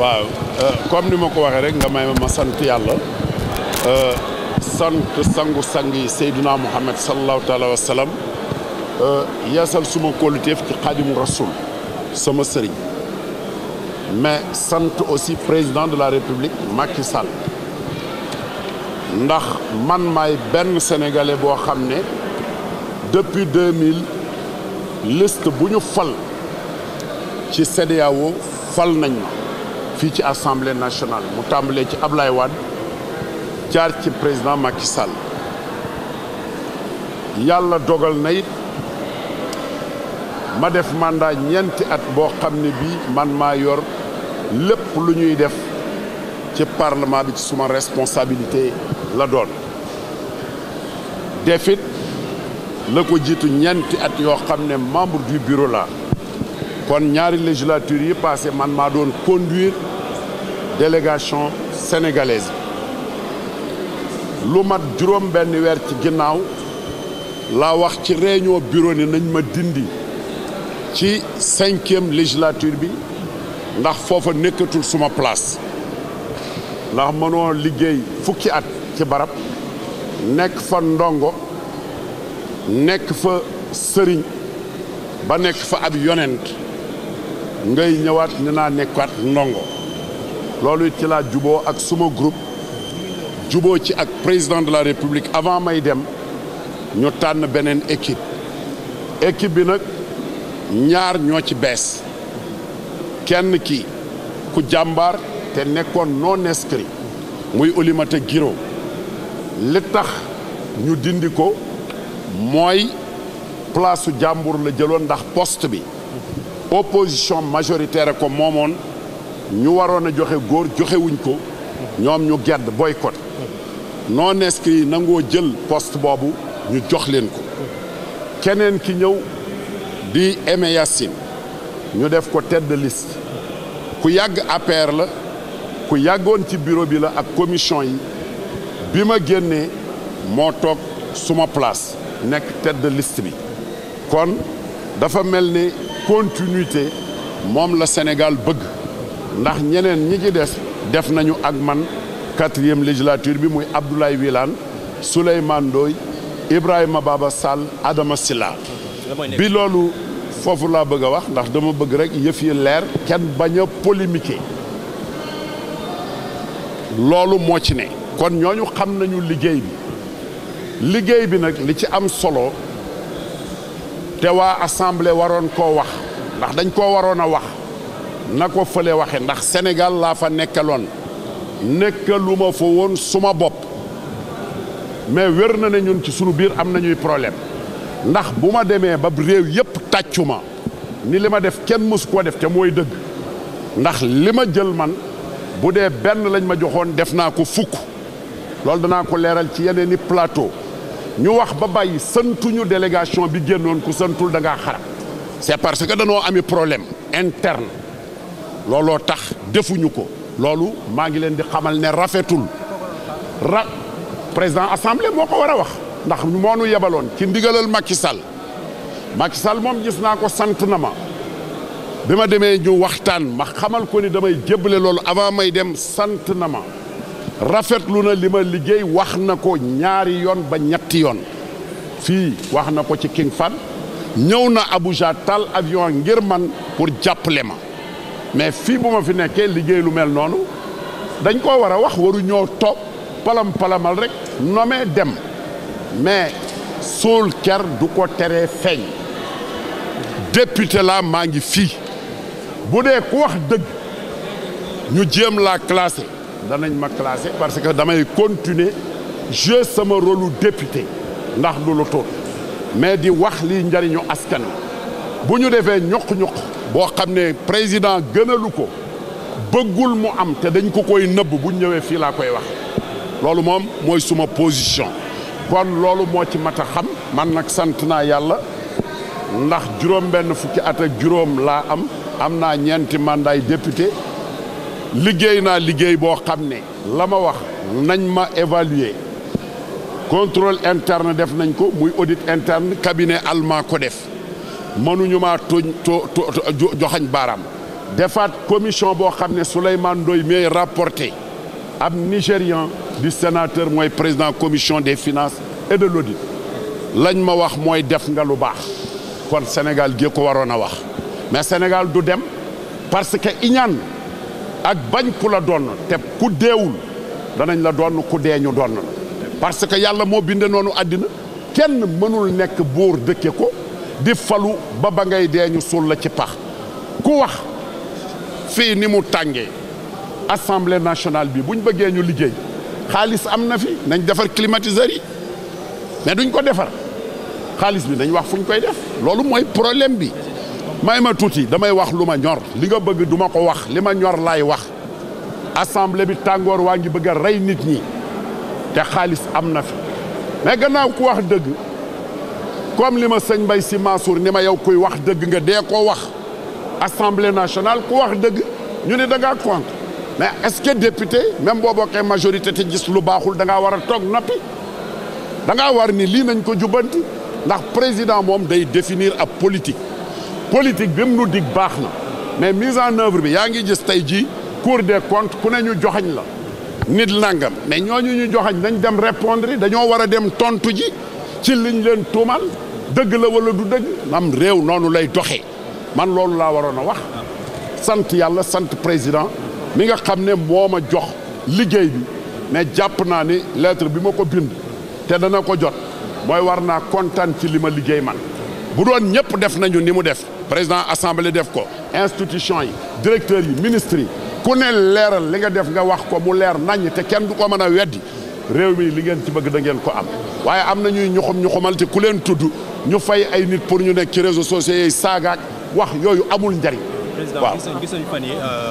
waaw euh, comme ni ma ko waxee rek nga may ma sant yàlla euh, sant sangu sang yi Seydina Muhammad sallallahu taala wa salaam euh, yeesal suma kóoluteef ci xaadimu rasul sama sëriñ mais sant aussi président de la république Macky Sall ndax man maay benn sénégalais boo xam ne depuis 2000 liste bu ñu fal ci CEDEAO fal nañ ma fii ci assemblée nationale mu tàmbalee ci Ablaye Wade jaar ci président Macky Sall yàlla dogal na ma def mandat ñeenti at boo xam ne bii man maa yor lépp lu ñuy def ci parlement bi ci suma responsabilité la doon defit la ko jiitu ñeenti at yoo xam ne membre du bureau la kon ñaari législature yi passé man maa doon conduire délégation sénégalaise lu mat juróom benn weer ci ginnaaw laa wax ci réunion bureau nañ ma dindi ci cinquième législature bi ndax foofa nekkatul suma place ndax mënoo liggéey fukki at ci barab nekk fa ndongo nekk fa sëriñ ba nekk fa ab yonent ngay ñëwaat ne naa nekkaat ndongo loolu it ci juboo ak suma groupe juboo ci ak président de la république avant may dem ñu tànn beneen équipe équipe bi nag ñaar ñoo ci bees kenn ki ku jàmbaar te nekkoon non inscrit muy Oulimata giro li tax ñu dindi ko mooy place su jàmbur la jëloon ndax post bi opposition majoritaire ko moomoon ñu waroon a joxe góor joxewuñ ko ñoom ñu gedd boycott non inscrits yi nangoo jël post boobu ñu jox leen ko keneen ki ñëw di Aimé Yacine ñu def ko tête de ku yàgg APR la ku yàggoon ci bureau bi la ak commission yi bi ma génnee moo toog suma place nekk tête de liste bi kon dafa mel ni continuité moom la Sénégal bëgg ndax ñeneen ñi ci des def nañu ak man quatrième législature bi muy Abdoulaye Wilane Souleymane Ndoye Ibrahima Baba Sall Adama Silla bi loolu foofu laa bëgg a wax ndax dama bëgg rek yëf yi leer kenn bañ a loolu moo ci ne kon ñooñu xam nañu liggéey bi liggéey bi nag li ci am solo te waa assemblée waroon koo wax ndax dañ koo waroon a wax na ko fële waxe ndax Sénégal laa fa nekkaloon nekkaluma fa woon suma bopp mais wér na ne ñun ci sunu biir am nañuy problème ndax bu ma demee ba réew yëpp tàccuma ni li ma def kenn mësu koo def te mooy dëgg ndax li ma jël man bu dee benn lañ ma joxoon def naa ko fukk loolu danaa ko leeral ci yeneen i plateau ñu wax ba bàyyi santuñu délégation bi génnoon ku santul da ngaa xarab c'est parce que dañoo ami problème interne looloo tax defuñu ko loolu maa ngi leen di xamal ne rafetul ra président assemblée moo ko war a wax ndax moo nu yebaloon ci ndigalal Macky Sall Macky Sall moom gis naa ko sant na ma bi ma demee ñu waxtaan ma xamal ko ni damay jébbale loolu avant may dem sant na ma rafetlu na li ma liggéey wax na ko ñaari yoon ba ñetti yoon fii wax na ko ci King Fahd ñëw na Abuja tal avion ngir man pour jàppale ma mais fii bu ma fi nekkee liggéey lu mel noonu dañ koo war a wax waru ñoo toog palam-palamal rek nomee dem mais suul ker du ko teree feeñ député la maa ngi fii bu dee ku wax dëgg ñu jéem laa classé danañ ma classé parce que damay continuer jouer sama rôle député ndax du lu tuut mais di wax lii njariñu askan wi bu ñu defee ñuq-ñuq boo xam ne président gënalu ko bëggul mu am te dañ ko koy nëbb bu ñëwee fii laa koy wax loolu moom mooy suma position kon loolu moo ci mat a xam man nag sant naa yàlla ndax juróom benn fukki at juróom laa am am naa ñeenti mandaay député liggéey naa liggéey boo xam ne la ma wax nañ ma évaluer contrôle interne def nañ ko muy audit interne cabinet allemand ko def mënuñu maa tooñ to joxañ baaraam defaat commission boo xam ne Souleymane Ndoye miy rapporté ab nigérian di sénateur mooy président commission des finance et lañ ma wax mooy def nga lu baax kon Sénégal gi ko waroon a wax mais Sénégal du dem parce que iñaan ak bañ ku la doon te ku deewul danañ la doon ku deeñu doon la parce que yàlla moo binde noonu àddina kenn mënul nekk buur dëkke ko di falu ba ba ngay dee ñu la ci pax ku wax fii ni mu tàngee assamble nationale bi buñ bëggee ñu liggéey xaalis am na fi nañ defar climatiseur yi mais duñ ko defar xaalis bi dañ wax fu koy def loolu mooy problème bi may ma tuuti damay wax lu ma ñor li nga bëgg duma ko wax li ma ñor laay wax assemblée bi tàngoor waa ngi bëgg a rey nit ñi te xaalis am na fi mais gannaaw ku wax dëgg comme li ma sëñ mbay Sy Mansour ni ma yow kuy wax dëgg nga dee ko wax assemblée nationale ku wax dëgg ñu ne da ngaa contre mais est-ce que député même boo bokkee majorité te gis lu baaxul da ngaa war a toog noppi da ngaa war ni lii nañ ko jubanti ndax président moom day définir ab politique politique bi mu nu dig baax na mais mise en œuvre bi yaa ngi gis tey jii Cour des comptes ku ne ñu joxañ la nit nangam mais ñooñu ñu joxañ nañ dem répondre dañoo war a dem tontu ji ci liñ leen tuumal dëgg la wala du dëgg am réew noonu lay doxee man loolu laa waroon a wax sant yàlla sant président mi nga xam ne moo a jox liggéey bi mais jàpp naa ni lettre bi ma ko bind te dana ko jot mooy war naa kontaan ci li ma liggéey man bu doon ñëpp def nañu ni mu def président assemblée def ko institution yi directeurs yi ministres yi ku ne leeral li nga def nga wax ko mu leer naññ te kenn du ko mën a weddi réew mi li ngeen ci bëgg da ngeen ko am waaye am na ñuy ñuxum ñuxumal te ku leen tudd ñu fay ay nit pour ñu nekk ci réseaux sociaux yi saagaak wax yooyu amul njariñ waaw